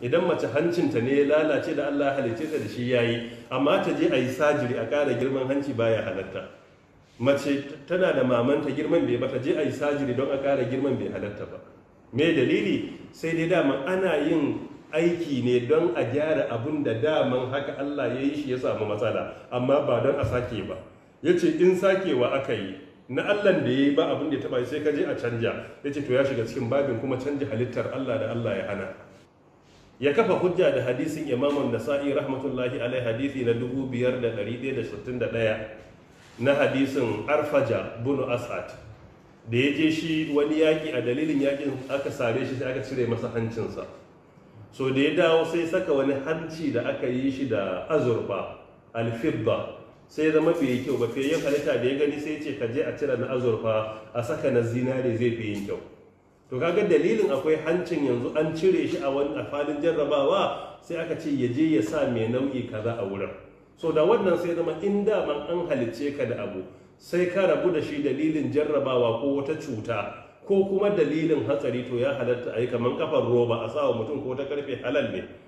idan mace hancinta ne ya lalace da Allah halice ta da shi yayi amma ta je a yi sajiri a ƙara girman hanci baya halatta mace tana da mamanta girman bai ba ta je a yi sajiri don a ƙara girman bai halatta ba me dalili sai dai dama ana yin aiki ne don a gyara abun da daman haka Allah ya yi shi ya samu matsala amma ba don a sake ba ya ce in sakewa aka yi na Allah da ya yi ba abin da ya taba sai ka je a canja ya ce to ya shiga cikin babin kuma canja halittar Allah da Allah ya hana ya kafa hujja da hadisin imamun nasa'i rahmatullahi alai hadisi na 5161 na hadisin arfaja bunu as'ad da ya je shi wani yaƙi a dalilin yaƙin aka sare shi sai aka cire masa hancinsa so da ya dawo sai saka wani hanci da aka yi shi da azurfa alfibba sai zama bai kyau ba fiye yin halitta da ya gani sai ce ka je a cire na azurfa a saka na zinare zai fi yin kyau to kaga dalilin akwai hancin yanzu an cire shi a wani falin jarrabawa sai aka ce ya je ya sa mai nau'i kaza a wurin so da wannan sai zama in daman an halicce ka da abu sai ka rabu da shi dalilin jarrabawa ko wata cuta ko kuma dalilin hatsari to ya halatta a yi kamar kafar roba a sawa mutum ko ta karfe halal ne